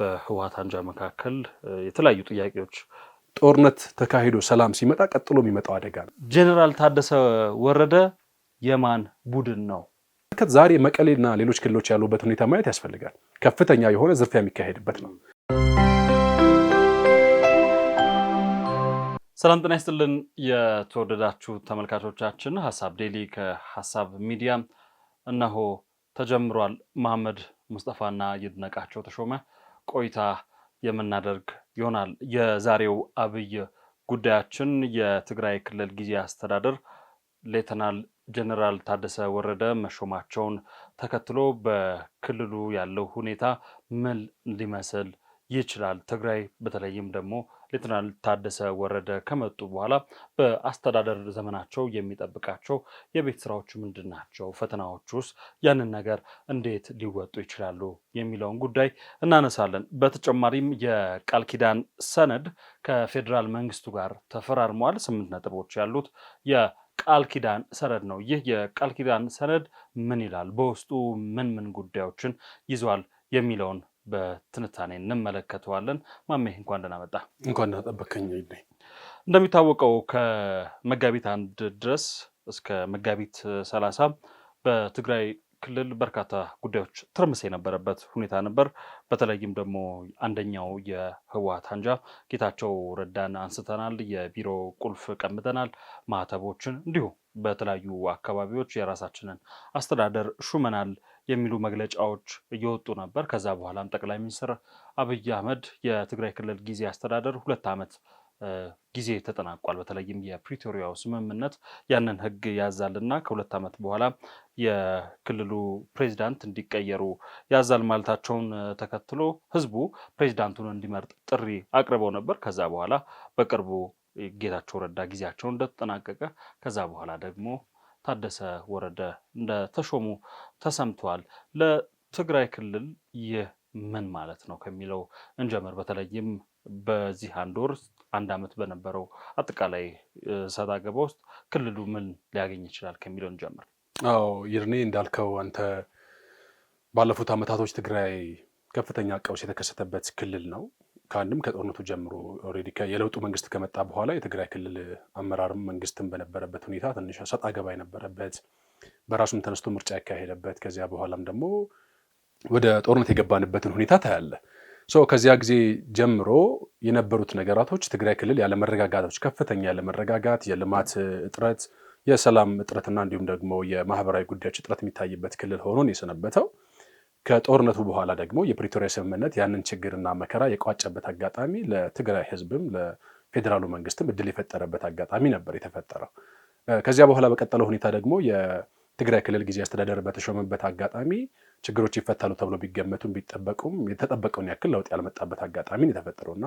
በህወሓት አንጃ መካከል የተለያዩ ጥያቄዎች ጦርነት ተካሂዶ ሰላም ሲመጣ ቀጥሎ የሚመጣው አደጋ ነው። ጀኔራል ታደሰ ወረደ የማን ቡድን ነው? ዛሬ መቀሌና ሌሎች ክልሎች ያሉበት ሁኔታ ማየት ያስፈልጋል። ከፍተኛ የሆነ ዝርፊያ የሚካሄድበት ነው። ሰላም ጤና ይስጥልን። የተወደዳችሁ ተመልካቾቻችን ሀሳብ ዴሊ ከሀሳብ ሚዲያ እነሆ ተጀምሯል። መሐመድ ሙስጠፋና ይድነቃቸው ተሾመ ቆይታ የምናደርግ ይሆናል። የዛሬው አብይ ጉዳያችን የትግራይ ክልል ጊዜ አስተዳደር ሌተናል ጀነራል ታደሰ ወረደ መሾማቸውን ተከትሎ በክልሉ ያለው ሁኔታ ምን ሊመስል ይችላል? ትግራይ በተለይም ደግሞ ሌተናል ታደሰ ወረደ ከመጡ በኋላ በአስተዳደር ዘመናቸው የሚጠብቃቸው የቤት ስራዎች ምንድን ናቸው? ፈተናዎች ውስጥ ያንን ነገር እንዴት ሊወጡ ይችላሉ የሚለውን ጉዳይ እናነሳለን። በተጨማሪም የቃል ኪዳን ሰነድ ከፌዴራል መንግስቱ ጋር ተፈራርሟል። ስምንት ነጥቦች ያሉት የቃል ኪዳን ሰነድ ነው። ይህ የቃል ኪዳን ሰነድ ምን ይላል? በውስጡ ምን ምን ጉዳዮችን ይዟል? የሚለውን በትንታኔ እንመለከተዋለን። ማሜ እንኳን ደህና መጣ። እንኳን ደህና ጠበከኝ። እንደሚታወቀው ከመጋቢት አንድ ድረስ እስከ መጋቢት ሰላሳ በትግራይ ክልል በርካታ ጉዳዮች ትርምስ የነበረበት ሁኔታ ነበር። በተለይም ደግሞ አንደኛው የህወሓት አንጃ ጌታቸው ረዳን አንስተናል። የቢሮ ቁልፍ ቀምተናል፣ ማዕተቦችን እንዲሁ በተለያዩ አካባቢዎች የራሳችንን አስተዳደር ሹመናል የሚሉ መግለጫዎች እየወጡ ነበር። ከዛ በኋላም ጠቅላይ ሚኒስትር አብይ አህመድ የትግራይ ክልል ጊዜ አስተዳደር ሁለት ዓመት ጊዜ ተጠናቋል። በተለይም የፕሪቶሪያው ስምምነት ያንን ህግ ያዛልና ከሁለት ዓመት በኋላ የክልሉ ፕሬዚዳንት እንዲቀየሩ ያዛል ማለታቸውን ተከትሎ ህዝቡ ፕሬዚዳንቱን እንዲመርጥ ጥሪ አቅርበው ነበር። ከዛ በኋላ በቅርቡ ጌታቸው ረዳ ጊዜያቸውን እንደተጠናቀቀ ከዛ በኋላ ደግሞ ታደሰ ወረደ እንደተሾሙ ተሰምተዋል። ለትግራይ ክልል ይህ ምን ማለት ነው ከሚለው እንጀምር። በተለይም በዚህ አንድ ወር አንድ ዓመት በነበረው አጠቃላይ ሰጣ ውስጥ ክልሉ ምን ሊያገኝ ይችላል ከሚለው እንጀምር። አዎ ይርኔ እንዳልከው አንተ ባለፉት ዓመታቶች ትግራይ ከፍተኛ ቀውስ የተከሰተበት ክልል ነው። ከአንድም ከጦርነቱ ጀምሮ ኦልሬዲ የለውጡ መንግስት ከመጣ በኋላ የትግራይ ክልል አመራርም መንግስትም በነበረበት ሁኔታ ትንሽ ሰጣ ገባ የነበረበት በራሱም ተነስቶ ምርጫ ያካሄደበት ከዚያ በኋላም ደግሞ ወደ ጦርነት የገባንበትን ሁኔታ ታያለ። ከዚያ ጊዜ ጀምሮ የነበሩት ነገራቶች ትግራይ ክልል ያለመረጋጋቶች፣ ከፍተኛ ያለመረጋጋት፣ የልማት እጥረት፣ የሰላም እጥረትና እንዲሁም ደግሞ የማህበራዊ ጉዳዮች እጥረት የሚታይበት ክልል ሆኖን የሰነበተው። ከጦርነቱ በኋላ ደግሞ የፕሪቶሪያ ስምምነት ያንን ችግርና መከራ የቋጨበት አጋጣሚ ለትግራይ ህዝብም ለፌዴራሉ መንግስትም እድል የፈጠረበት አጋጣሚ ነበር የተፈጠረው። ከዚያ በኋላ በቀጠለው ሁኔታ ደግሞ የትግራይ ክልል ጊዜ አስተዳደር በተሾመበት አጋጣሚ ችግሮች ይፈታሉ ተብሎ ቢገመቱም ቢጠበቁም የተጠበቀውን ያክል ለውጥ ያልመጣበት አጋጣሚ የተፈጠረው እና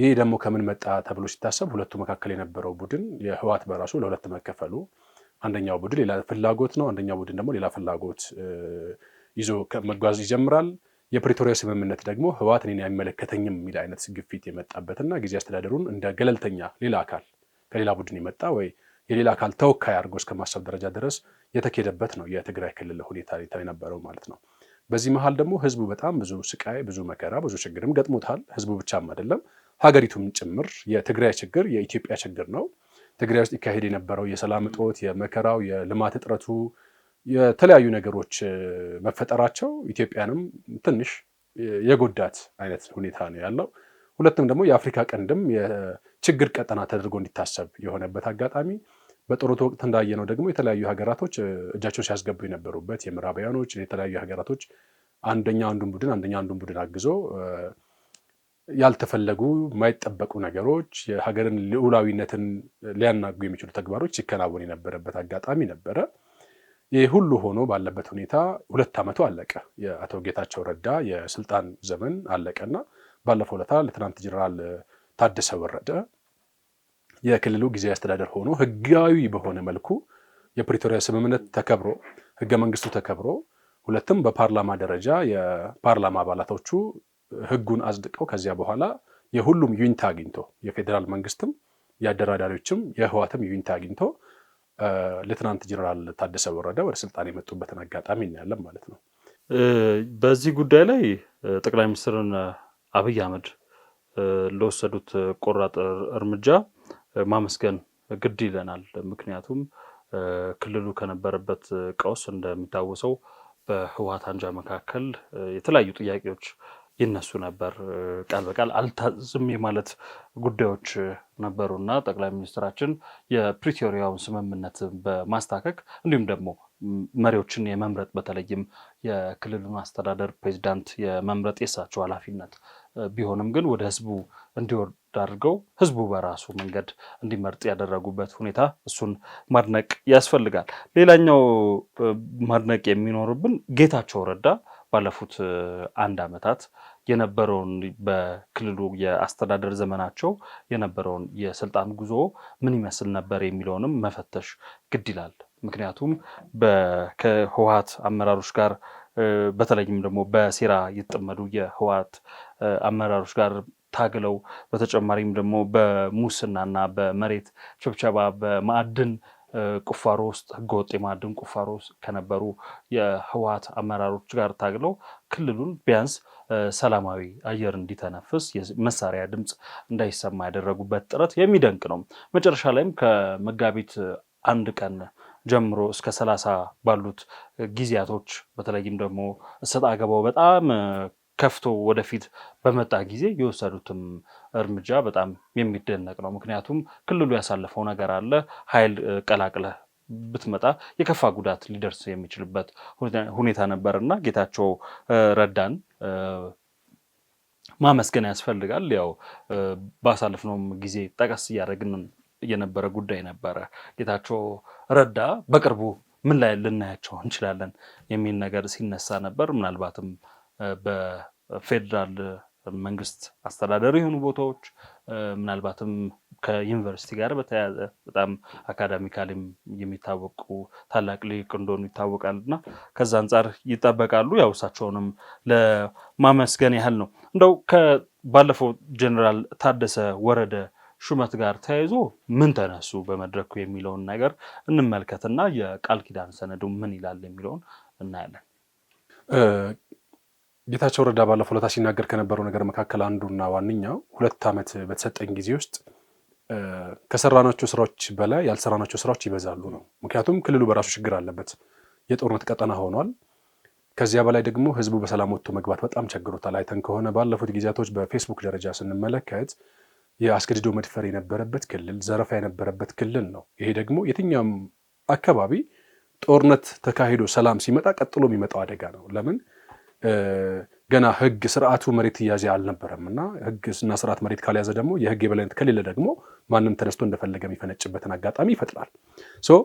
ይህ ደግሞ ከምን መጣ ተብሎ ሲታሰብ ሁለቱ መካከል የነበረው ቡድን የህወሓት በራሱ ለሁለት መከፈሉ አንደኛው ቡድን ሌላ ፍላጎት ነው፣ አንደኛው ቡድን ደግሞ ሌላ ፍላጎት ይዞ መጓዝ ይጀምራል። የፕሪቶሪያ ስምምነት ደግሞ ህወሓት እኔን አይመለከተኝም የሚል አይነት ግፊት የመጣበትና ጊዜ አስተዳደሩን እንደ ገለልተኛ ሌላ አካል ከሌላ ቡድን የመጣ ወይ የሌላ አካል ተወካይ አድርጎ እስከ ማሰብ ደረጃ ድረስ የተኬደበት ነው የትግራይ ክልል ሁኔታ የነበረው ማለት ነው። በዚህ መሀል ደግሞ ህዝቡ በጣም ብዙ ስቃይ፣ ብዙ መከራ፣ ብዙ ችግርም ገጥሞታል። ህዝቡ ብቻም አይደለም ሀገሪቱም ጭምር የትግራይ ችግር የኢትዮጵያ ችግር ነው። ትግራይ ውስጥ ይካሄድ የነበረው የሰላም እጦት፣ የመከራው፣ የልማት እጥረቱ የተለያዩ ነገሮች መፈጠራቸው ኢትዮጵያንም ትንሽ የጎዳት አይነት ሁኔታ ነው ያለው። ሁለትም ደግሞ የአፍሪካ ቀንድም የችግር ቀጠና ተደርጎ እንዲታሰብ የሆነበት አጋጣሚ በጦርነቱ ወቅት እንዳየነው ደግሞ የተለያዩ ሀገራቶች እጃቸውን ሲያስገቡ የነበሩበት የምዕራባውያኖች የተለያዩ ሀገራቶች አንደኛ አንዱን ቡድን አንደኛ አንዱን ቡድን አግዞ ያልተፈለጉ የማይጠበቁ ነገሮች የሀገርን ልዑላዊነትን ሊያናጉ የሚችሉ ተግባሮች ሲከናወን የነበረበት አጋጣሚ ነበረ። ይህ ሁሉ ሆኖ ባለበት ሁኔታ ሁለት ዓመቱ አለቀ። የአቶ ጌታቸው ረዳ የስልጣን ዘመን አለቀና ባለፈው ዕለት ለትናንት ጀነራል ታደሰ ወረደ የክልሉ ጊዜያዊ አስተዳደር ሆኖ ህጋዊ በሆነ መልኩ የፕሪቶሪያ ስምምነት ተከብሮ ህገ መንግስቱ ተከብሮ ሁለትም በፓርላማ ደረጃ የፓርላማ አባላቶቹ ህጉን አጽድቀው ከዚያ በኋላ የሁሉም ዩኒታ አግኝቶ የፌዴራል መንግስትም የአደራዳሪዎችም የህዋትም ዩኒታ አግኝቶ ሌትናንት ጀነራል ታደሰ ወረደ ወደ ስልጣን የመጡበትን አጋጣሚ እናያለን ማለት ነው። በዚህ ጉዳይ ላይ ጠቅላይ ሚኒስትርን አብይ አህመድ ለወሰዱት ቆራጥ እርምጃ ማመስገን ግድ ይለናል። ምክንያቱም ክልሉ ከነበረበት ቀውስ እንደሚታወሰው በህወሓት አንጃ መካከል የተለያዩ ጥያቄዎች ይነሱ ነበር። ቃል በቃል አልታዝም የማለት ጉዳዮች ነበሩ እና ጠቅላይ ሚኒስትራችን የፕሪቶሪያውን ስምምነት በማስታከክ እንዲሁም ደግሞ መሪዎችን የመምረጥ በተለይም የክልሉን አስተዳደር ፕሬዚዳንት የመምረጥ የሳቸው ኃላፊነት ቢሆንም ግን ወደ ህዝቡ እንዲወርድ አድርገው ህዝቡ በራሱ መንገድ እንዲመርጥ ያደረጉበት ሁኔታ እሱን ማድነቅ ያስፈልጋል። ሌላኛው ማድነቅ የሚኖርብን ጌታቸው ረዳ ባለፉት አንድ ዓመታት የነበረውን በክልሉ የአስተዳደር ዘመናቸው የነበረውን የስልጣን ጉዞ ምን ይመስል ነበር የሚለውንም መፈተሽ ግድ ይላል። ምክንያቱም ከህወሀት አመራሮች ጋር በተለይም ደግሞ በሴራ የተጠመዱ የህወሀት አመራሮች ጋር ታግለው በተጨማሪም ደግሞ በሙስናና በመሬት ችብቸባ በማዕድን ቁፋሮ ውስጥ ህገወጥ የማዕድን ቁፋሮ ውስጥ ከነበሩ የህወሀት አመራሮች ጋር ታግለው ክልሉን ቢያንስ ሰላማዊ አየር እንዲተነፍስ መሳሪያ ድምፅ እንዳይሰማ ያደረጉበት ጥረት የሚደንቅ ነው። መጨረሻ ላይም ከመጋቢት አንድ ቀን ጀምሮ እስከ ሰላሳ ባሉት ጊዜያቶች በተለይም ደግሞ እሰጥ አገባው በጣም ከፍቶ ወደፊት በመጣ ጊዜ የወሰዱትም እርምጃ በጣም የሚደነቅ ነው። ምክንያቱም ክልሉ ያሳለፈው ነገር አለ። ኃይል ቀላቅለህ ብትመጣ የከፋ ጉዳት ሊደርስ የሚችልበት ሁኔታ ነበር እና ጌታቸው ረዳን ማመስገን ያስፈልጋል። ያው ባሳለፍነውም ጊዜ ጠቀስ እያደረግን የነበረ ጉዳይ ነበረ። ጌታቸው ረዳ በቅርቡ ምን ላይ ልናያቸው እንችላለን የሚል ነገር ሲነሳ ነበር። ምናልባትም በፌዴራል መንግስት አስተዳደሩ የሆኑ ቦታዎች ምናልባትም ከዩኒቨርሲቲ ጋር በተያያዘ በጣም አካዳሚካሊም የሚታወቁ ታላቅ ሊቅ እንደሆኑ ይታወቃል እና ከዛ አንጻር ይጠበቃሉ። ያው እሳቸውንም ለማመስገን ያህል ነው። እንደው ከባለፈው ጀኔራል ታደሰ ወረደ ሹመት ጋር ተያይዞ ምን ተነሱ በመድረኩ የሚለውን ነገር እንመልከትና የቃል ኪዳን ሰነዱ ምን ይላል የሚለውን እናያለን። ጌታቸው ረዳ ባለፈው ለታ ሲናገር ከነበረው ነገር መካከል አንዱና ዋነኛው ሁለት ዓመት በተሰጠኝ ጊዜ ውስጥ ከሰራናቸው ስራዎች በላይ ያልሰራናቸው ስራዎች ይበዛሉ ነው። ምክንያቱም ክልሉ በራሱ ችግር አለበት፣ የጦርነት ቀጠና ሆኗል። ከዚያ በላይ ደግሞ ህዝቡ በሰላም ወጥቶ መግባት በጣም ቸግሮታል። አይተን ከሆነ ባለፉት ጊዜያቶች በፌስቡክ ደረጃ ስንመለከት የአስገድዶ መድፈር የነበረበት ክልል፣ ዘረፋ የነበረበት ክልል ነው። ይሄ ደግሞ የትኛውም አካባቢ ጦርነት ተካሂዶ ሰላም ሲመጣ ቀጥሎ የሚመጣው አደጋ ነው። ለምን ገና ህግ ስርዓቱ መሬት እያዘ አልነበረም እና ህግ እና ስርዓት መሬት ካልያዘ ደግሞ የህግ የበላይነት ከሌለ ደግሞ ማንም ተነስቶ እንደፈለገ የሚፈነጭበትን አጋጣሚ ይፈጥራል። ሶ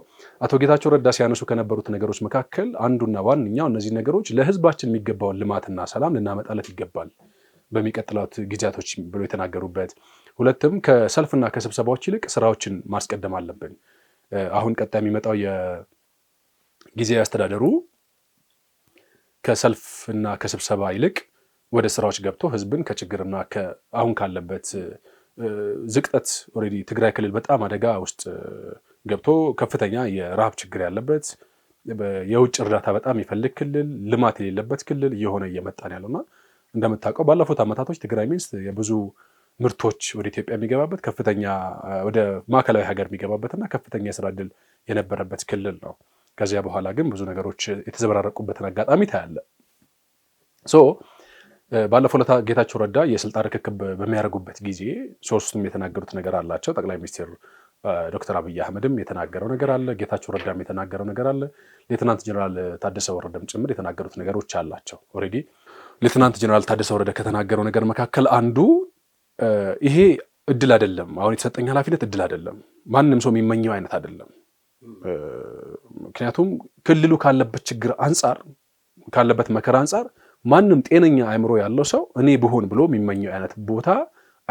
አቶ ጌታቸው ረዳ ሲያነሱ ከነበሩት ነገሮች መካከል አንዱና ዋነኛው እነዚህ ነገሮች ለህዝባችን የሚገባውን ልማትና ሰላም ልናመጣለት ይገባል በሚቀጥላት ጊዜያቶች ብሎ የተናገሩበት፣ ሁለትም ከሰልፍና ከስብሰባዎች ይልቅ ስራዎችን ማስቀደም አለብን። አሁን ቀጣይ የሚመጣው የጊዜያዊ አስተዳደሩ ከሰልፍና ከስብሰባ ይልቅ ወደ ስራዎች ገብቶ ህዝብን ከችግርና አሁን ካለበት ዝቅጠት ኦልሬዲ ትግራይ ክልል በጣም አደጋ ውስጥ ገብቶ ከፍተኛ የረሃብ ችግር ያለበት የውጭ እርዳታ በጣም የሚፈልግ ክልል፣ ልማት የሌለበት ክልል እየሆነ እየመጣን ያለውና እንደምታውቀው ባለፉት ዓመታቶች ትግራይ ሚኒስት የብዙ ምርቶች ወደ ኢትዮጵያ የሚገባበት ከፍተኛ ወደ ማዕከላዊ ሀገር የሚገባበትና ከፍተኛ የስራ እድል የነበረበት ክልል ነው። ከዚያ በኋላ ግን ብዙ ነገሮች የተዘበራረቁበትን አጋጣሚ ታያለ። ሶ ባለፈው ለታ ጌታቸው ረዳ የስልጣን ርክክብ በሚያደርጉበት ጊዜ ሶስቱም የተናገሩት ነገር አላቸው። ጠቅላይ ሚኒስትር ዶክተር አብይ አህመድም የተናገረው ነገር አለ። ጌታቸው ረዳም የተናገረው ነገር አለ። ሌትናንት ጀነራል ታደሰ ወረደም ጭምር የተናገሩት ነገሮች አላቸው። ኦልሬዲ ሌትናንት ጀነራል ታደሰ ወረደ ከተናገረው ነገር መካከል አንዱ ይሄ እድል አይደለም፣ አሁን የተሰጠኝ ኃላፊነት እድል አይደለም፣ ማንም ሰው የሚመኘው አይነት አይደለም ምክንያቱም ክልሉ ካለበት ችግር አንጻር ካለበት መከራ አንጻር ማንም ጤነኛ አእምሮ ያለው ሰው እኔ ብሆን ብሎ የሚመኘው አይነት ቦታ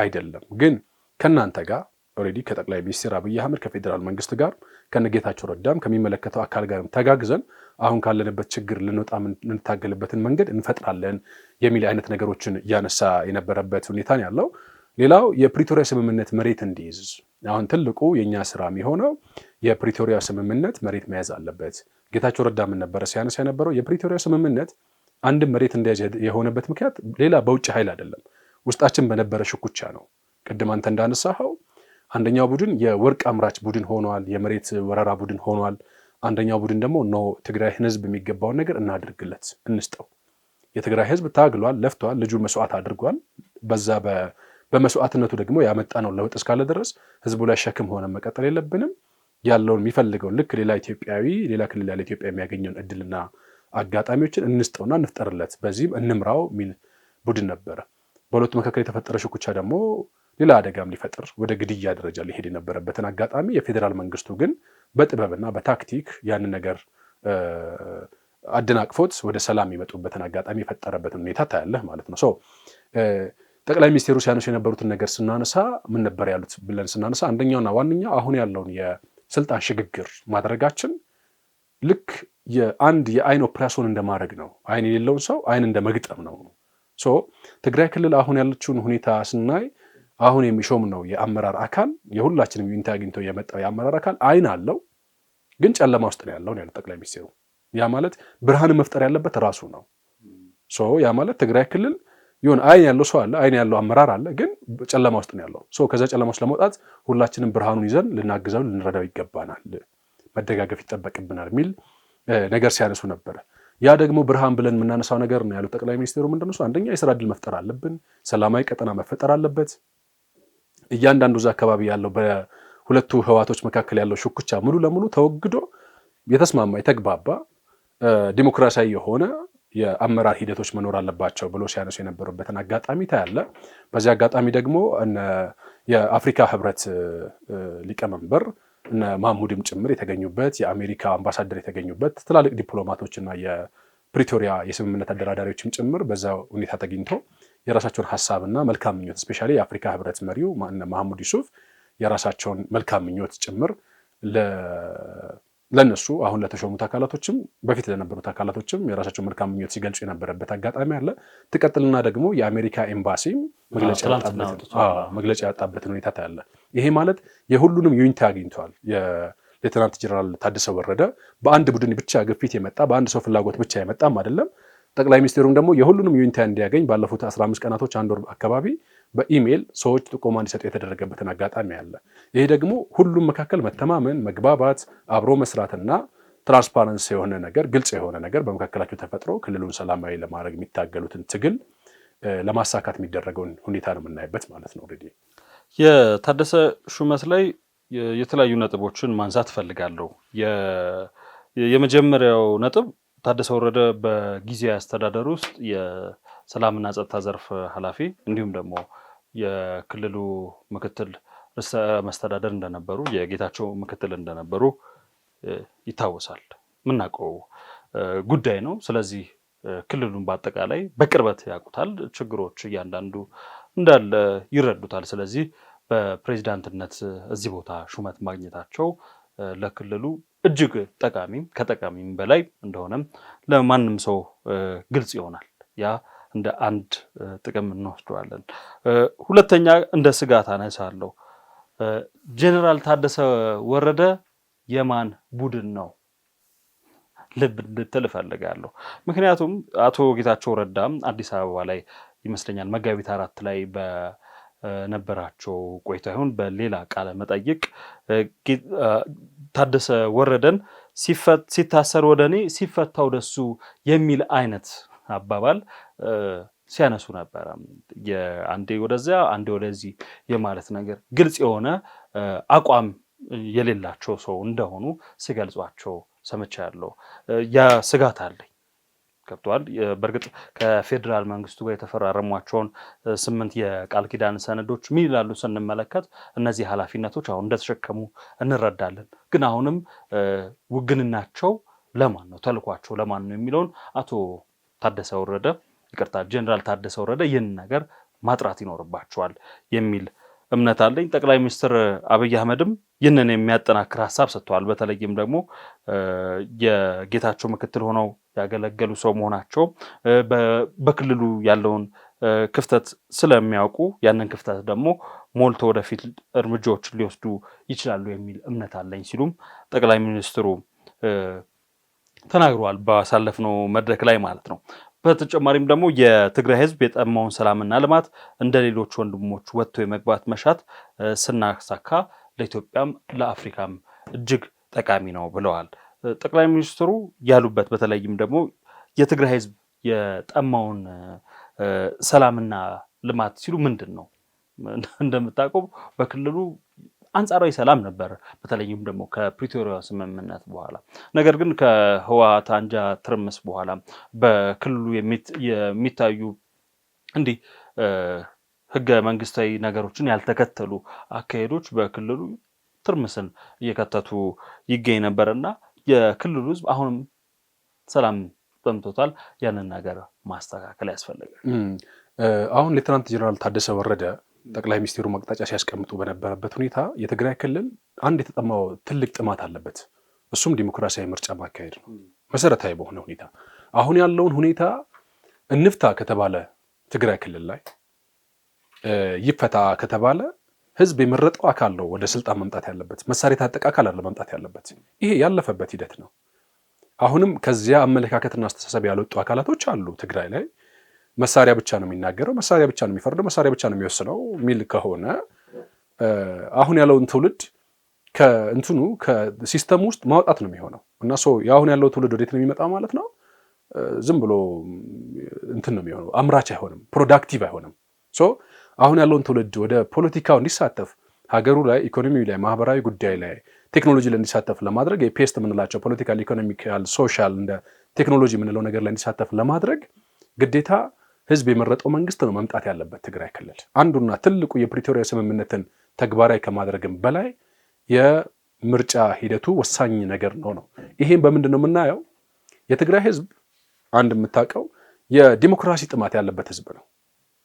አይደለም። ግን ከእናንተ ጋር ኦልሬዲ ከጠቅላይ ሚኒስትር አብይ አህመድ ከፌዴራል መንግስት ጋር ከነጌታቸው ረዳም ከሚመለከተው አካል ጋርም ተጋግዘን አሁን ካለንበት ችግር ልንወጣ የምንታገልበትን መንገድ እንፈጥራለን የሚል አይነት ነገሮችን እያነሳ የነበረበት ሁኔታን ያለው። ሌላው የፕሪቶሪያ ስምምነት መሬት እንዲይዝ አሁን ትልቁ የእኛ ስራ የሚሆነው የፕሪቶሪያ ስምምነት መሬት መያዝ አለበት። ጌታቸው ረዳ ምን ነበረ ሲያነሳ የነበረው? የፕሪቶሪያ ስምምነት አንድም መሬት እንዲያዝ የሆነበት ምክንያት ሌላ በውጭ ኃይል አይደለም፣ ውስጣችን በነበረ ሽኩቻ ነው። ቅድም አንተ እንዳነሳኸው አንደኛው ቡድን የወርቅ አምራች ቡድን ሆኗል፣ የመሬት ወረራ ቡድን ሆኗል። አንደኛው ቡድን ደግሞ ኖ ትግራይ ህዝብ የሚገባውን ነገር እናድርግለት፣ እንስጠው። የትግራይ ህዝብ ታግሏል፣ ለፍቷል፣ ልጁ መስዋዕት አድርጓል። በዛ በመስዋዕትነቱ ደግሞ ያመጣነው ለውጥ እስካለ ድረስ ህዝቡ ላይ ሸክም ሆነ መቀጠል የለብንም። ያለውን የሚፈልገውን ልክ ሌላ ኢትዮጵያዊ ሌላ ክልል ያለ ኢትዮጵያ የሚያገኘውን እድልና አጋጣሚዎችን እንስጠውና እንፍጠርለት፣ በዚህም እንምራው የሚል ቡድን ነበረ። በሁለቱ መካከል የተፈጠረ ሽኩቻ ደግሞ ሌላ አደጋም ሊፈጥር ወደ ግድያ ደረጃ ሊሄድ የነበረበትን አጋጣሚ የፌዴራል መንግስቱ ግን በጥበብና በታክቲክ ያንን ነገር አደናቅፎት ወደ ሰላም የመጡበትን አጋጣሚ የፈጠረበትን ሁኔታ ታያለህ ማለት ነው። ጠቅላይ ሚኒስቴሩ ሲያነሱ የነበሩትን ነገር ስናነሳ ምን ነበር ያሉት ብለን ስናነሳ አንደኛውና ዋነኛው አሁን ያለውን ስልጣን ሽግግር ማድረጋችን ልክ የአንድ የአይን ኦፕሬሽን እንደማድረግ ነው። አይን የሌለውን ሰው አይን እንደመግጠም ነው። ሶ ትግራይ ክልል አሁን ያለችውን ሁኔታ ስናይ አሁን የሚሾም ነው የአመራር አካል የሁላችንም ዩኒቲ አግኝተው የመጣው የአመራር አካል አይን አለው፣ ግን ጨለማ ውስጥ ነው ያለው ያሉት ጠቅላይ ሚኒስትሩ። ያ ማለት ብርሃን መፍጠር ያለበት ራሱ ነው። ሶ ያ ማለት ትግራይ ክልል የሆነ አይን ያለው ሰው አለ፣ አይን ያለው አመራር አለ፣ ግን ጨለማ ውስጥ ነው ያለው ሰው። ከዛ ጨለማ ውስጥ ለመውጣት ሁላችንም ብርሃኑን ይዘን ልናግዘው ልንረዳው ይገባናል፣ መደጋገፍ ይጠበቅብናል የሚል ነገር ሲያነሱ ነበረ። ያ ደግሞ ብርሃን ብለን የምናነሳው ነገር ነው ያሉት ጠቅላይ ሚኒስትሩ። ምንድን አንደኛ የስራ እድል መፍጠር አለብን፣ ሰላማዊ ቀጠና መፈጠር አለበት። እያንዳንዱ እዛ አካባቢ ያለው በሁለቱ ህዋቶች መካከል ያለው ሽኩቻ ሙሉ ለሙሉ ተወግዶ የተስማማ የተግባባ ዲሞክራሲያዊ የሆነ የአመራር ሂደቶች መኖር አለባቸው ብሎ ሲያነሱ የነበሩበትን አጋጣሚ ታያለ። በዚህ አጋጣሚ ደግሞ የአፍሪካ ህብረት ሊቀመንበር እነ ማህሙድም ጭምር የተገኙበት የአሜሪካ አምባሳደር የተገኙበት ትላልቅ ዲፕሎማቶችና የፕሪቶሪያ የስምምነት አደራዳሪዎችም ጭምር በዛ ሁኔታ ተገኝቶ የራሳቸውን ሀሳብና መልካም ምኞት ስፔሻሊ የአፍሪካ ህብረት መሪው ማህሙድ ዩሱፍ የራሳቸውን መልካም ምኞት ጭምር ለነሱ አሁን ለተሾሙት አካላቶችም በፊት ለነበሩት አካላቶችም የራሳቸው መልካም ምኞት ሲገልጹ የነበረበት አጋጣሚ አለ። ትቀጥልና ደግሞ የአሜሪካ ኤምባሲም መግለጫ ያወጣበትን ሁኔታ ታያለ። ይሄ ማለት የሁሉንም ዩኒታ አግኝተዋል። የሌተናንት ጀነራል ታደሰ ወረደ በአንድ ቡድን ብቻ ግፊት የመጣ በአንድ ሰው ፍላጎት ብቻ የመጣም አይደለም። ጠቅላይ ሚኒስትሩም ደግሞ የሁሉንም ዩኒታ እንዲያገኝ ባለፉት 15 ቀናቶች አንድ ወር አካባቢ በኢሜይል ሰዎች ጥቆማ እንዲሰጥ የተደረገበትን አጋጣሚ አለ። ይሄ ደግሞ ሁሉም መካከል መተማመን፣ መግባባት፣ አብሮ መስራትና ትራንስፓረንስ የሆነ ነገር ግልጽ የሆነ ነገር በመካከላቸው ተፈጥሮ ክልሉን ሰላማዊ ለማድረግ የሚታገሉትን ትግል ለማሳካት የሚደረገውን ሁኔታ ነው የምናይበት ማለት ነው። ኦልሬዲ የታደሰ ሹመት ላይ የተለያዩ ነጥቦችን ማንሳት እፈልጋለሁ። የመጀመሪያው ነጥብ ታደሰ ወረደ በጊዜያዊ አስተዳደር ውስጥ የሰላምና ጸጥታ ዘርፍ ኃላፊ እንዲሁም ደግሞ የክልሉ ምክትል ርዕሰ መስተዳደር እንደነበሩ፣ የጌታቸው ምክትል እንደነበሩ ይታወሳል። የምናውቀው ጉዳይ ነው። ስለዚህ ክልሉን በአጠቃላይ በቅርበት ያውቁታል። ችግሮች እያንዳንዱ እንዳለ ይረዱታል። ስለዚህ በፕሬዚዳንትነት እዚህ ቦታ ሹመት ማግኘታቸው ለክልሉ እጅግ ጠቃሚም ከጠቃሚም በላይ እንደሆነም ለማንም ሰው ግልጽ ይሆናል ያ እንደ አንድ ጥቅም እንወስደዋለን። ሁለተኛ እንደ ስጋት አነሳለሁ። ጀኔራል ታደሰ ወረደ የማን ቡድን ነው? ልብ እንድትል እፈልጋለሁ። ምክንያቱም አቶ ጌታቸው ረዳም አዲስ አበባ ላይ ይመስለኛል መጋቢት አራት ላይ በነበራቸው ቆይታ ይሁን በሌላ ቃለ መጠይቅ ታደሰ ወረደን ሲታሰር ወደ እኔ ሲፈታ ወደሱ የሚል አይነት አባባል ሲያነሱ ነበረ። አንዴ ወደዚያ አንዴ ወደዚህ የማለት ነገር ግልጽ የሆነ አቋም የሌላቸው ሰው እንደሆኑ ሲገልጿቸው ሰምቻለሁ። ያ ስጋት አለኝ። ገብተዋል። በእርግጥ ከፌዴራል መንግስቱ ጋር የተፈራረሟቸውን ስምንት የቃል ኪዳን ሰነዶች ምን ይላሉ ስንመለከት እነዚህ ኃላፊነቶች አሁን እንደተሸከሙ እንረዳለን። ግን አሁንም ውግንናቸው ለማን ነው፣ ተልኳቸው ለማን ነው የሚለውን አቶ ታደሰ ወረደ ይቅርታ፣ ጀኔራል ታደሰ ወረደ ይህን ነገር ማጥራት ይኖርባቸዋል የሚል እምነት አለኝ። ጠቅላይ ሚኒስትር አብይ አህመድም ይህንን የሚያጠናክር ሀሳብ ሰጥተዋል። በተለይም ደግሞ የጌታቸው ምክትል ሆነው ያገለገሉ ሰው መሆናቸው በክልሉ ያለውን ክፍተት ስለሚያውቁ ያንን ክፍተት ደግሞ ሞልቶ ወደፊት እርምጃዎችን ሊወስዱ ይችላሉ የሚል እምነት አለኝ ሲሉም ጠቅላይ ሚኒስትሩ ተናግረዋል፣ ባሳለፍነው መድረክ ላይ ማለት ነው። በተጨማሪም ደግሞ የትግራይ ህዝብ የጠማውን ሰላምና ልማት እንደ ሌሎች ወንድሞች ወጥቶ የመግባት መሻት ስናሳካ ለኢትዮጵያም ለአፍሪካም እጅግ ጠቃሚ ነው ብለዋል ጠቅላይ ሚኒስትሩ ያሉበት። በተለይም ደግሞ የትግራይ ህዝብ የጠማውን ሰላምና ልማት ሲሉ ምንድን ነው እንደምታውቀው በክልሉ አንጻራዊ ሰላም ነበር፣ በተለይም ደግሞ ከፕሪቶሪያ ስምምነት በኋላ። ነገር ግን ከህወሓት አንጃ ትርምስ በኋላ በክልሉ የሚታዩ እንዲህ ህገ መንግስታዊ ነገሮችን ያልተከተሉ አካሄዶች በክልሉ ትርምስን እየከተቱ ይገኝ ነበር እና የክልሉ ህዝብ አሁንም ሰላም ጠምቶታል። ያንን ነገር ማስተካከል ያስፈልጋል። አሁን ሌትናንት ጀነራል ታደሰ ወረደ ጠቅላይ ሚኒስትሩ ማቅጣጫ ሲያስቀምጡ በነበረበት ሁኔታ የትግራይ ክልል አንድ የተጠማው ትልቅ ጥማት አለበት። እሱም ዲሞክራሲያዊ ምርጫ ማካሄድ ነው። መሰረታዊ በሆነ ሁኔታ አሁን ያለውን ሁኔታ እንፍታ ከተባለ ትግራይ ክልል ላይ ይፈታ ከተባለ ህዝብ የመረጠው አካል ነው ወደ ስልጣን መምጣት ያለበት፣ መሳሪያ የታጠቀ አካል አለ መምጣት ያለበት። ይሄ ያለፈበት ሂደት ነው። አሁንም ከዚያ አመለካከትና አስተሳሰብ ያልወጡ አካላቶች አሉ ትግራይ ላይ መሳሪያ ብቻ ነው የሚናገረው፣ መሳሪያ ብቻ ነው የሚፈርደው፣ መሳሪያ ብቻ ነው የሚወስነው የሚል ከሆነ አሁን ያለውን ትውልድ ከእንትኑ ከሲስተም ውስጥ ማውጣት ነው የሚሆነው እና ሶ የአሁን ያለው ትውልድ ወዴት ነው የሚመጣ ማለት ነው? ዝም ብሎ እንትን ነው የሚሆነው። አምራች አይሆንም፣ ፕሮዳክቲቭ አይሆንም። ሶ አሁን ያለውን ትውልድ ወደ ፖለቲካው እንዲሳተፍ ሀገሩ ላይ ኢኮኖሚ ላይ ማህበራዊ ጉዳይ ላይ ቴክኖሎጂ ላይ እንዲሳተፍ ለማድረግ የፔስት የምንላቸው ፖለቲካል፣ ኢኮኖሚካል፣ ሶሻል እንደ ቴክኖሎጂ የምንለው ነገር ላይ እንዲሳተፍ ለማድረግ ግዴታ ህዝብ የመረጠው መንግስት ነው መምጣት ያለበት ትግራይ ክልል። አንዱና ትልቁ የፕሪቶሪያ ስምምነትን ተግባራዊ ከማድረግም በላይ የምርጫ ሂደቱ ወሳኝ ነገር ነው ነው ይሄን በምንድን ነው የምናየው? የትግራይ ህዝብ አንድ የምታውቀው የዲሞክራሲ ጥማት ያለበት ህዝብ ነው።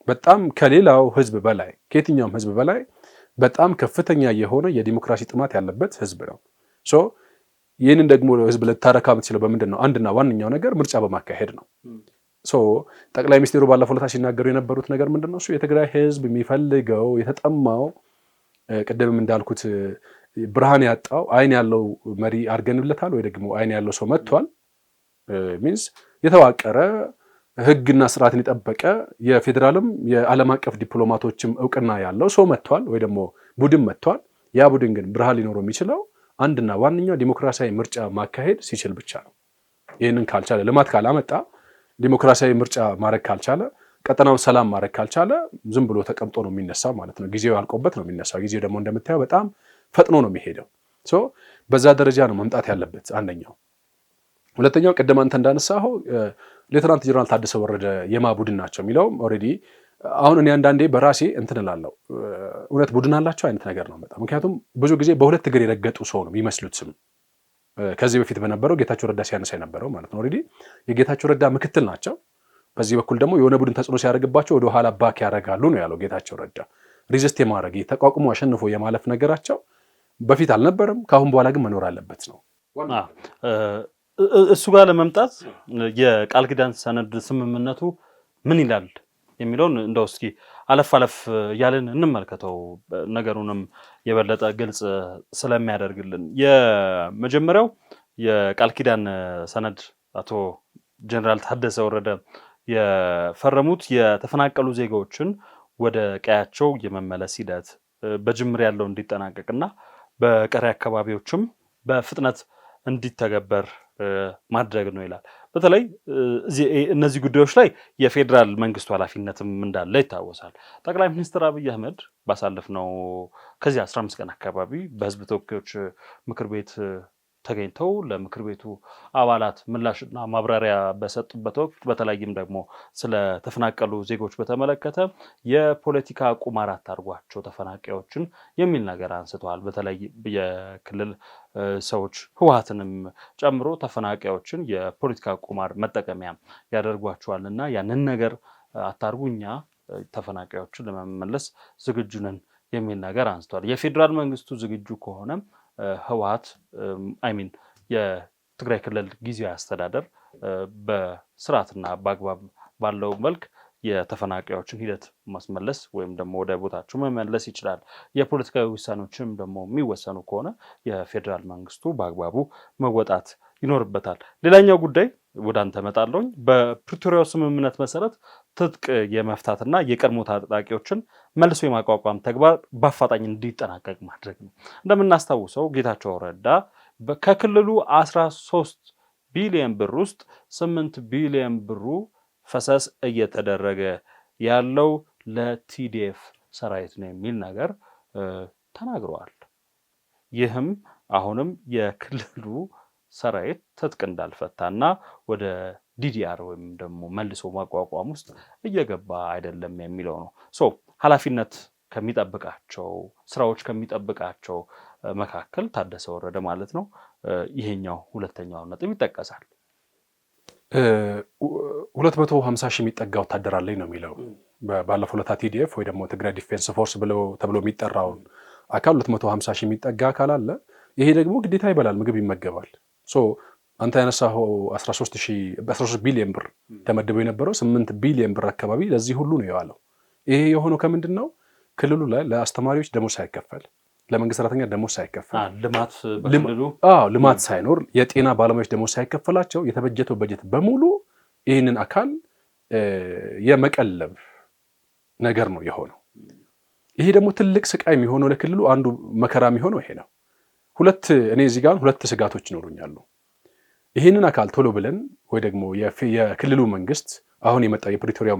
በጣም ከሌላው ህዝብ በላይ ከየትኛውም ህዝብ በላይ በጣም ከፍተኛ የሆነ የዲሞክራሲ ጥማት ያለበት ህዝብ ነው። ሶ ይህንን ደግሞ ህዝብ ልታረካ የምትችለው በምንድን ነው? አንድና ዋነኛው ነገር ምርጫ በማካሄድ ነው። ጠቅላይ ሚኒስትሩ ባለፈው ዕለት ሲናገሩ የነበሩት ነገር ምንድን ነው? እሱ የትግራይ ህዝብ የሚፈልገው የተጠማው ቅድምም እንዳልኩት ብርሃን ያጣው አይን ያለው መሪ አድርገንለታል ወይ ደግሞ አይን ያለው ሰው መጥቷል። ሚንስ የተዋቀረ ህግና ስርዓትን የጠበቀ የፌዴራልም የዓለም አቀፍ ዲፕሎማቶችም እውቅና ያለው ሰው መጥቷል ወይ ደግሞ ቡድን መጥቷል። ያ ቡድን ግን ብርሃን ሊኖረው የሚችለው አንድና ዋነኛው ዲሞክራሲያዊ ምርጫ ማካሄድ ሲችል ብቻ ነው። ይህንን ካልቻለ ልማት ካላመጣ ዲሞክራሲያዊ ምርጫ ማድረግ ካልቻለ ቀጠናውን ሰላም ማድረግ ካልቻለ ዝም ብሎ ተቀምጦ ነው የሚነሳው ማለት ነው። ጊዜው ያልቆበት ነው የሚነሳው። ጊዜው ደግሞ እንደምታየው በጣም ፈጥኖ ነው የሚሄደው። ሶ በዛ ደረጃ ነው መምጣት ያለበት አንደኛው። ሁለተኛው ቅድም አንተ እንዳነሳኸው ሌትናንት ጀነራል ታደሰ ወረደ የማ ቡድን ናቸው የሚለውም ኦልሬዲ አሁን እኔ አንዳንዴ በራሴ እንትን እላለሁ፣ እውነት ቡድን አላቸው አይነት ነገር ነው በጣም ምክንያቱም ብዙ ጊዜ በሁለት እግር የረገጡ ሰው ነው የሚመስሉት ስም ከዚህ በፊት በነበረው ጌታቸው ረዳ ሲያነሳ የነበረው ማለት ነው። ኦልሬዲ የጌታቸው ረዳ ምክትል ናቸው። በዚህ በኩል ደግሞ የሆነ ቡድን ተጽዕኖ ሲያደርግባቸው ወደ ኋላ ባክ ያደርጋሉ ነው ያለው ጌታቸው ረዳ። ሪዝስት የማድረግ ተቋቁሞ አሸንፎ የማለፍ ነገራቸው በፊት አልነበረም፣ ከአሁን በኋላ ግን መኖር አለበት ነው እሱ ጋር ለመምጣት የቃል ኪዳን ሰነድ ስምምነቱ ምን ይላል የሚለውን እንደው እስኪ አለፍ አለፍ እያልን እንመልከተው ነገሩንም የበለጠ ግልጽ ስለሚያደርግልን የመጀመሪያው የቃል ኪዳን ሰነድ አቶ ጀኔራል ታደሰ ወረደ የፈረሙት የተፈናቀሉ ዜጋዎችን ወደ ቀያቸው የመመለስ ሂደት በጅምር ያለው እንዲጠናቀቅና በቀሪ አካባቢዎችም በፍጥነት እንዲተገበር ማድረግ ነው ይላል። በተለይ እነዚህ ጉዳዮች ላይ የፌዴራል መንግስቱ ኃላፊነትም እንዳለ ይታወሳል። ጠቅላይ ሚኒስትር አብይ አህመድ ባሳለፍነው ከዚህ 15 ቀን አካባቢ በህዝብ ተወካዮች ምክር ቤት ተገኝተው ለምክር ቤቱ አባላት ምላሽና ማብራሪያ በሰጡበት ወቅት በተለይም ደግሞ ስለተፈናቀሉ ዜጎች በተመለከተ የፖለቲካ ቁማር አታርጓቸው ተፈናቃዮችን የሚል ነገር አንስተዋል። በተለይ የክልል ሰዎች ህወሓትንም ጨምሮ ተፈናቃዮችን የፖለቲካ ቁማር መጠቀሚያ ያደርጓቸዋል እና ያንን ነገር አታርጉኛ ተፈናቃዮችን ለመመለስ ዝግጁ ነን የሚል ነገር አንስተዋል። የፌዴራል መንግስቱ ዝግጁ ከሆነም ህወሀት አይሚን የትግራይ ክልል ጊዜያዊ አስተዳደር በስርዓትና በአግባብ ባለው መልክ የተፈናቃዮችን ሂደት ማስመለስ ወይም ደግሞ ወደ ቦታቸው መመለስ ይችላል። የፖለቲካዊ ውሳኔዎችም ደግሞ የሚወሰኑ ከሆነ የፌዴራል መንግስቱ በአግባቡ መወጣት ይኖርበታል። ሌላኛው ጉዳይ ወደ አንተ እመጣለሁኝ። በፕሪቶሪያው ስምምነት መሰረት ትጥቅ የመፍታትና የቀድሞ ታጣቂዎችን መልሶ የማቋቋም ተግባር በአፋጣኝ እንዲጠናቀቅ ማድረግ ነው። እንደምናስታውሰው ጌታቸው ረዳ ከክልሉ 13 ቢሊዮን ብር ውስጥ 8 ቢሊዮን ብሩ ፈሰስ እየተደረገ ያለው ለቲዲኤፍ ሰራዊት ነው የሚል ነገር ተናግረዋል። ይህም አሁንም የክልሉ ሰራዊት ትጥቅ እንዳልፈታና ወደ ዲዲአር ወይም ደግሞ መልሶ ማቋቋም ውስጥ እየገባ አይደለም የሚለው ነው። ሶ ኃላፊነት ከሚጠብቃቸው ስራዎች ከሚጠብቃቸው መካከል ታደሰ ወረደ ማለት ነው ይሄኛው ሁለተኛው ነጥብ ይጠቀሳል። ሁለት መቶ ሀምሳ ሺህ የሚጠጋ ወታደር አለኝ ነው የሚለው ባለፈው ለታ ቲዲኤፍ ወይ ደግሞ ትግራይ ዲፌንስ ፎርስ ተብሎ የሚጠራውን አካል ሁለት መቶ ሀምሳ ሺህ የሚጠጋ አካል አለ። ይሄ ደግሞ ግዴታ ይበላል፣ ምግብ ይመገባል። አንተ ያነሳኸው 13 ቢሊዮን ብር ተመድበው የነበረው 8 ቢሊዮን ብር አካባቢ ለዚህ ሁሉ ነው የዋለው። ይሄ የሆነው ከምንድን ነው? ክልሉ ላይ ለአስተማሪዎች ደሞዝ ሳይከፈል፣ ለመንግስት ሰራተኛ ደሞዝ ሳይከፈል፣ ልማት ሳይኖር፣ የጤና ባለሙያዎች ደሞዝ ሳይከፈላቸው የተበጀተው በጀት በሙሉ ይህንን አካል የመቀለብ ነገር ነው የሆነው። ይሄ ደግሞ ትልቅ ስቃይ የሚሆነው ለክልሉ አንዱ መከራ የሚሆነው ይሄ ነው። ሁለት እኔ እዚህ ጋር ሁለት ስጋቶች ይኖሩኛሉ። ይህንን አካል ቶሎ ብለን ወይ ደግሞ የክልሉ መንግስት አሁን የመጣው የፕሪቶሪያ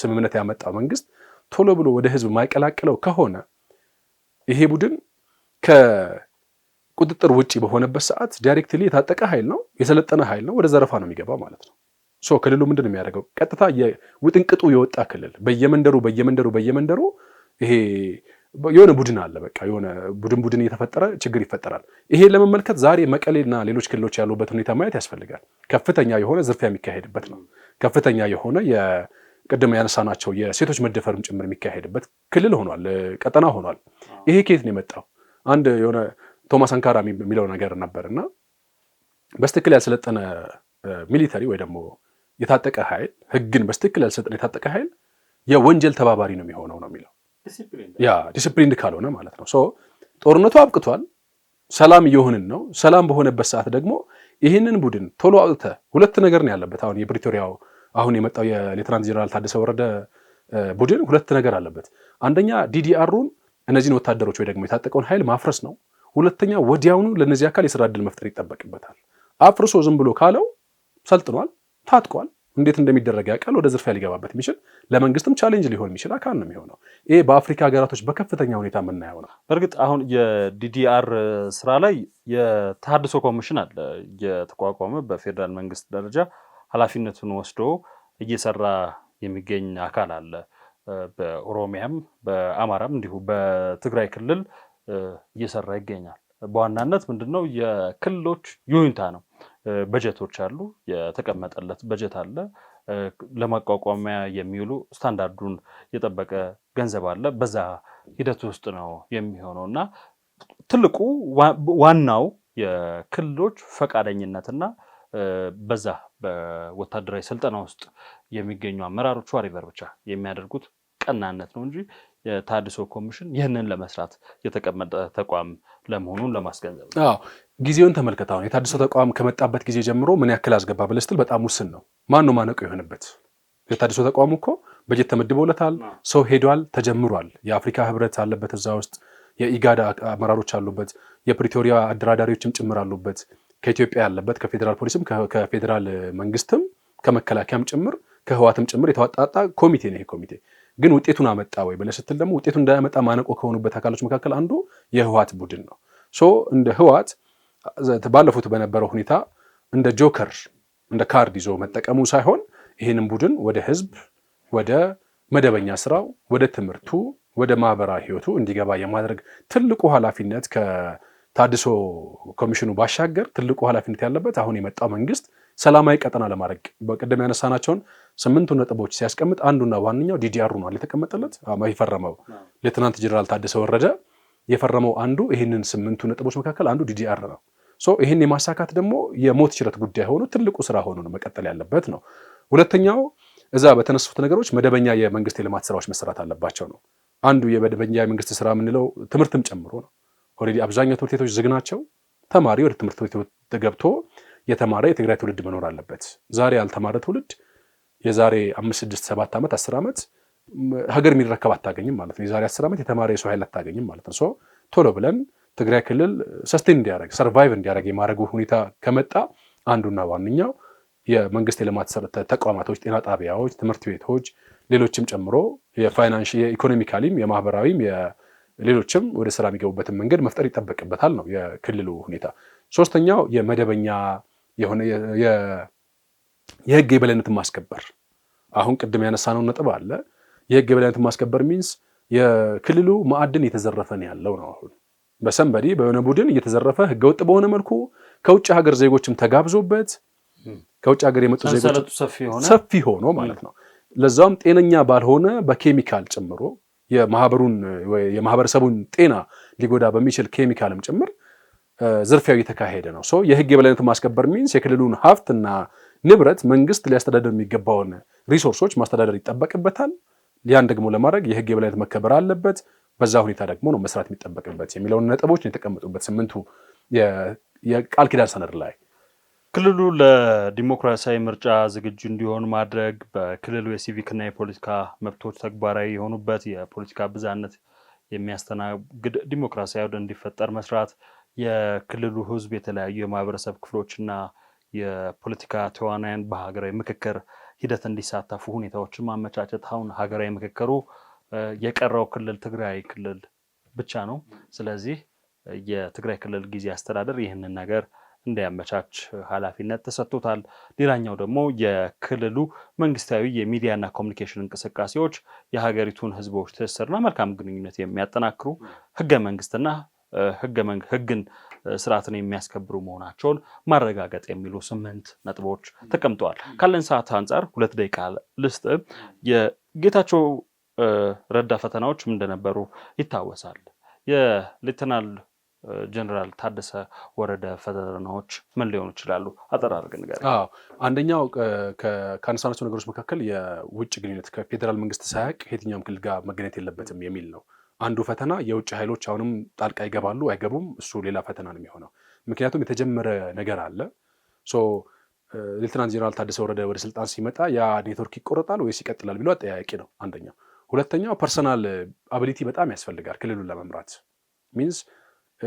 ስምምነት ያመጣው መንግስት ቶሎ ብሎ ወደ ህዝብ ማይቀላቅለው ከሆነ ይሄ ቡድን ከቁጥጥር ውጭ በሆነበት ሰዓት ዳይሬክትሊ የታጠቀ ኃይል ነው፣ የሰለጠነ ኃይል ነው፣ ወደ ዘረፋ ነው የሚገባው ማለት ነው። ሶ ክልሉ ምንድን ነው የሚያደርገው? ቀጥታ ውጥንቅጡ የወጣ ክልል በየመንደሩ በየመንደሩ በየመንደሩ ይሄ የሆነ ቡድን አለ። በቃ የሆነ ቡድን ቡድን እየተፈጠረ ችግር ይፈጠራል። ይሄ ለመመልከት ዛሬ መቀሌና ሌሎች ክልሎች ያሉበት ሁኔታ ማየት ያስፈልጋል። ከፍተኛ የሆነ ዝርፊያ የሚካሄድበት ነው። ከፍተኛ የሆነ ቅድም ያነሳናቸው የሴቶች መደፈርም ጭምር የሚካሄድበት ክልል ሆኗል፣ ቀጠና ሆኗል። ይሄ ከየት ነው የመጣው? አንድ የሆነ ቶማስ አንካራ የሚለው ነገር ነበር እና በስትክክል ያልሰለጠነ ሚሊተሪ ወይ ደግሞ የታጠቀ ኃይል ህግን በስትክክል ያልሰለጠነ የታጠቀ ኃይል የወንጀል ተባባሪ ነው የሚሆነው ነው የሚለው ያ ዲስፕሊንድ ካልሆነ ማለት ነው። ጦርነቱ አብቅቷል፣ ሰላም እየሆንን ነው። ሰላም በሆነበት ሰዓት ደግሞ ይህንን ቡድን ቶሎ አውጥተ ሁለት ነገር ነው ያለበት። አሁን የፕሪቶሪያው አሁን የመጣው የሌትናንት ጀነራል ታደሰ ወረደ ቡድን ሁለት ነገር አለበት። አንደኛ ዲዲአሩን እነዚህን ወታደሮች ወይ ደግሞ የታጠቀውን ኃይል ማፍረስ ነው። ሁለተኛ ወዲያውኑ ለእነዚህ አካል የስራ እድል መፍጠር ይጠበቅበታል። አፍርሶ ዝም ብሎ ካለው ሰልጥኗል፣ ታጥቋል፣ እንዴት እንደሚደረግ ያውቃል። ወደ ዝርፊያ ሊገባበት የሚችል ለመንግስትም ቻሌንጅ ሊሆን የሚችል አካል ነው የሚሆነው። ይሄ በአፍሪካ ሀገራቶች በከፍተኛ ሁኔታ የምናየው ነው። በእርግጥ አሁን የዲዲአር ስራ ላይ የተሃድሶ ኮሚሽን አለ የተቋቋመ በፌዴራል መንግስት ደረጃ ኃላፊነቱን ወስዶ እየሰራ የሚገኝ አካል አለ። በኦሮሚያም በአማራም እንዲሁ በትግራይ ክልል እየሰራ ይገኛል። በዋናነት ምንድን ነው የክልሎች ይሁንታ ነው በጀቶች አሉ፣ የተቀመጠለት በጀት አለ፣ ለማቋቋሚያ የሚውሉ ስታንዳርዱን የጠበቀ ገንዘብ አለ። በዛ ሂደት ውስጥ ነው የሚሆነው እና ትልቁ ዋናው የክልሎች ፈቃደኝነትና በዛ በወታደራዊ ስልጠና ውስጥ የሚገኙ አመራሮቹ አሪቨር ብቻ የሚያደርጉት ቀናነት ነው እንጂ የታድሶ ኮሚሽን ይህንን ለመስራት የተቀመጠ ተቋም ለመሆኑን ለማስገንዘብ ነው። ጊዜውን ተመልከት። አሁን የታድሶ ተቋም ከመጣበት ጊዜ ጀምሮ ምን ያክል አስገባ ብለህ ስትል በጣም ውስን ነው። ማን ነው ማነቆ የሆነበት? የታድሶ ተቋሙ እኮ በጀት ተመድቦለታል፣ ሰው ሄዷል፣ ተጀምሯል። የአፍሪካ ህብረት አለበት እዛ ውስጥ፣ የኢጋድ አመራሮች አሉበት፣ የፕሪቶሪያ አደራዳሪዎችም ጭምር አሉበት፣ ከኢትዮጵያ ያለበት ከፌዴራል ፖሊስም ከፌዴራል መንግስትም ከመከላከያም ጭምር ከህዋትም ጭምር የተዋጣጣ ኮሚቴ ነው። ይሄ ኮሚቴ ግን ውጤቱን አመጣ ወይ ብለህ ስትል ደግሞ ውጤቱን እንዳያመጣ ማነቆ ከሆኑበት አካሎች መካከል አንዱ የህዋት ቡድን ነው። እንደ ህዋት ባለፉት በነበረው ሁኔታ እንደ ጆከር እንደ ካርድ ይዞ መጠቀሙ ሳይሆን ይህንን ቡድን ወደ ህዝብ፣ ወደ መደበኛ ስራው፣ ወደ ትምህርቱ፣ ወደ ማህበራዊ ህይወቱ እንዲገባ የማድረግ ትልቁ ኃላፊነት ከታድሶ ኮሚሽኑ ባሻገር ትልቁ ኃላፊነት ያለበት አሁን የመጣው መንግስት ሰላማዊ ቀጠና ለማድረግ በቅድም ያነሳናቸውን ስምንቱ ነጥቦች ሲያስቀምጥ አንዱና ዋነኛው ዲዲአሩ ነው የተቀመጠለት የፈረመው ሌተናንት ጀነራል ታደሰ ወረደ የፈረመው አንዱ ይህንን ስምንቱ ነጥቦች መካከል አንዱ ዲዲአር ነው። ይህን የማሳካት ደግሞ የሞት ሽረት ጉዳይ ሆኖ ትልቁ ስራ ሆኖ መቀጠል ያለበት ነው። ሁለተኛው እዛ በተነሱት ነገሮች መደበኛ የመንግስት የልማት ስራዎች መሰራት አለባቸው ነው። አንዱ የመደበኛ የመንግስት ስራ የምንለው ትምህርትም ጨምሮ ነው። ኦልሬዲ አብዛኛው ትምህርት ቤቶች ዝግ ናቸው። ተማሪ ወደ ትምህርት ቤት ገብቶ የተማረ የትግራይ ትውልድ መኖር አለበት። ዛሬ ያልተማረ ትውልድ የዛሬ አምስት ስድስት ሰባት ዓመት አስር ዓመት ሀገር የሚረከብ አታገኝም ማለት ነው። የዛሬ አስር ዓመት የተማረ የሰው ኃይል አታገኝም ማለት ነው። ቶሎ ብለን ትግራይ ክልል ሰስቴን እንዲያደረግ ሰርቫይቭ እንዲያደረግ የማድረጉ ሁኔታ ከመጣ አንዱና ዋነኛው የመንግስት የልማት ተቋማቶች፣ ጤና ጣቢያዎች፣ ትምህርት ቤቶች፣ ሌሎችም ጨምሮ የፋይናንሽ የኢኮኖሚካሊም የማህበራዊም ሌሎችም ወደ ስራ የሚገቡበትን መንገድ መፍጠር ይጠበቅበታል ነው የክልሉ ሁኔታ። ሶስተኛው የመደበኛ የሆነ የህግ የበላይነትን ማስከበር አሁን ቅድም ያነሳነው ነጥብ አለ። የህግ የበላይነትን ማስከበር ሚንስ የክልሉ ማዕድን የተዘረፈን ያለው ነው አሁን በሰንበዲ በሆነ ቡድን እየተዘረፈ ህገወጥ በሆነ መልኩ ከውጭ ሀገር ዜጎችም ተጋብዞበት ከውጭ ሀገር የመጡ ዜጎች ሰፊ ሆኖ ማለት ነው። ለዛውም ጤነኛ ባልሆነ በኬሚካል ጨምሮ የማህበሩን የማህበረሰቡን ጤና ሊጎዳ በሚችል ኬሚካልም ጭምር ዝርፊያው እየተካሄደ ነው። ሰው የህግ የበላይነት ማስከበር ሚንስ የክልሉን ሀብትና ንብረት መንግስት ሊያስተዳደር የሚገባውን ሪሶርሶች ማስተዳደር ይጠበቅበታል። ያን ደግሞ ለማድረግ የህግ የበላይነት መከበር አለበት። በዛ ሁኔታ ደግሞ ነው መስራት የሚጠበቅበት የሚለውን ነጥቦች የተቀመጡበት ስምንቱ የቃል ኪዳን ሰነድ ላይ ክልሉ ለዲሞክራሲያዊ ምርጫ ዝግጁ እንዲሆን ማድረግ፣ በክልሉ የሲቪክና የፖለቲካ መብቶች ተግባራዊ የሆኑበት የፖለቲካ ብዝሃነት የሚያስተናግድ ዲሞክራሲያዊ ወደ እንዲፈጠር መስራት፣ የክልሉ ህዝብ የተለያዩ የማህበረሰብ ክፍሎችና የፖለቲካ ተዋናያን በሀገራዊ ምክክር ሂደት እንዲሳተፉ ሁኔታዎችን ማመቻቸት አሁን ሀገራዊ ምክክሩ የቀረው ክልል ትግራይ ክልል ብቻ ነው። ስለዚህ የትግራይ ክልል ጊዜ አስተዳደር ይህንን ነገር እንዲያመቻች ኃላፊነት ተሰጥቶታል። ሌላኛው ደግሞ የክልሉ መንግስታዊ የሚዲያና ኮሚኒኬሽን እንቅስቃሴዎች የሀገሪቱን ህዝቦች ትስስርና መልካም ግንኙነት የሚያጠናክሩ ህገ መንግስትና ህግን ስርዓትን የሚያስከብሩ መሆናቸውን ማረጋገጥ የሚሉ ስምንት ነጥቦች ተቀምጠዋል። ካለን ሰዓት አንጻር ሁለት ደቂቃ ልስጥ። የጌታቸው ረዳ ፈተናዎችም እንደነበሩ ይታወሳል። የሌተናል ጀነራል ታደሰ ወረደ ፈተናዎች ምን ሊሆኑ ይችላሉ? አጠር አድርገን አንደኛው ካነሳናቸው ነገሮች መካከል የውጭ ግንኙነት ከፌዴራል መንግስት ሳያቅ ከየትኛውም ክልል ጋር መገናኘት የለበትም የሚል ነው። አንዱ ፈተና የውጭ ኃይሎች አሁንም ጣልቃ ይገባሉ አይገቡም፣ እሱ ሌላ ፈተና ነው የሚሆነው። ምክንያቱም የተጀመረ ነገር አለ። ሌትናንት ጀነራል ታደሰ ወረደ ወደ ስልጣን ሲመጣ ያ ኔትወርክ ይቆረጣል ወይስ ይቀጥላል ቢለው አጠያያቂ ነው አንደኛው ሁለተኛው ፐርሰናል አቢሊቲ በጣም ያስፈልጋል ክልሉን ለመምራት ሚንስ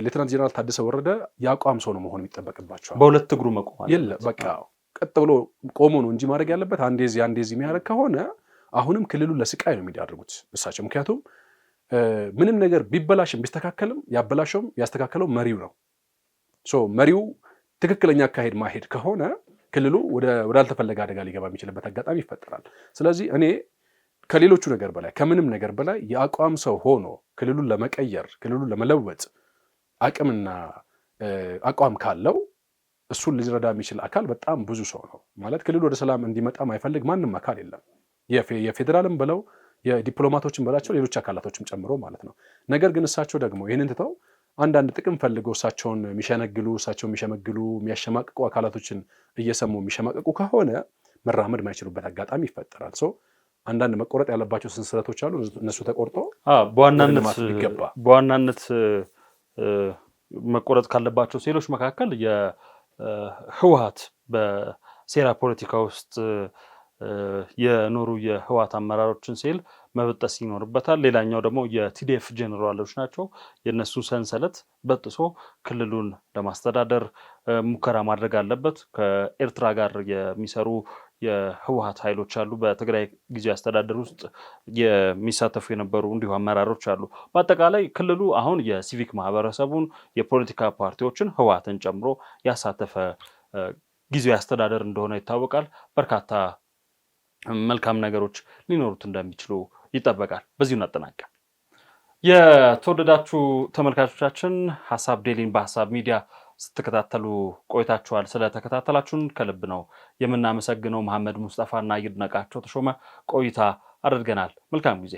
ሌትናንት ጀነራል ታደሰ ወረደ የአቋም ሰው ነው መሆኑ የሚጠበቅባቸዋል። በሁለት እግሩ መቆም የለ በቃ ቀጥ ብሎ ቆሞ ነው እንጂ ማድረግ ያለበት አንዴዚ አንዴዚ የሚያደርግ ከሆነ አሁንም ክልሉን ለስቃይ ነው የሚዳርጉት እሳቸው። ምክንያቱም ምንም ነገር ቢበላሽም ቢስተካከልም ያበላሸውም ያስተካከለው መሪው ነው። መሪው ትክክለኛ አካሄድ ማሄድ ከሆነ ክልሉ ወዳልተፈለገ አደጋ ሊገባ የሚችልበት አጋጣሚ ይፈጠራል። ስለዚህ እኔ ከሌሎቹ ነገር በላይ ከምንም ነገር በላይ የአቋም ሰው ሆኖ ክልሉን ለመቀየር ክልሉን ለመለወጥ አቅምና አቋም ካለው እሱን ሊረዳ የሚችል አካል በጣም ብዙ ሰው ነው። ማለት ክልሉ ወደ ሰላም እንዲመጣ ማይፈልግ ማንም አካል የለም። የፌዴራልም ብለው የዲፕሎማቶችን በላቸው ሌሎች አካላቶችም ጨምሮ ማለት ነው። ነገር ግን እሳቸው ደግሞ ይህንን ትተው አንዳንድ ጥቅም ፈልገው እሳቸውን የሚሸነግሉ እሳቸው የሚሸመግሉ የሚያሸማቅቁ አካላቶችን እየሰሙ የሚሸማቅቁ ከሆነ መራመድ ማይችሉበት አጋጣሚ ይፈጠራል። አንዳንድ መቆረጥ ያለባቸው ሰንሰለቶች አሉ። እነሱ ተቆርጦ በዋናነት መቆረጥ ካለባቸው ሴሎች መካከል የህወሀት በሴራ ፖለቲካ ውስጥ የኖሩ የህወሀት አመራሮችን ሴል መበጠስ ይኖርበታል። ሌላኛው ደግሞ የቲዲኤፍ ጀኔራሎች ናቸው። የእነሱን ሰንሰለት በጥሶ ክልሉን ለማስተዳደር ሙከራ ማድረግ አለበት። ከኤርትራ ጋር የሚሰሩ የህወሀት ኃይሎች አሉ። በትግራይ ጊዜ አስተዳደር ውስጥ የሚሳተፉ የነበሩ እንዲሁ አመራሮች አሉ። በአጠቃላይ ክልሉ አሁን የሲቪክ ማህበረሰቡን፣ የፖለቲካ ፓርቲዎችን ህወሀትን ጨምሮ ያሳተፈ ጊዜ አስተዳደር እንደሆነ ይታወቃል። በርካታ መልካም ነገሮች ሊኖሩት እንደሚችሉ ይጠበቃል። በዚሁ እናጠናቀም። የተወደዳችሁ ተመልካቾቻችን ሀሳብ ዴሊን በሀሳብ ሚዲያ ስትከታተሉ ቆይታችኋል። ስለተከታተላችሁን ከልብ ነው የምናመሰግነው። መሐመድ ሙስጠፋና ይድነቃቸው ተሾመ ቆይታ አድርገናል። መልካም ጊዜ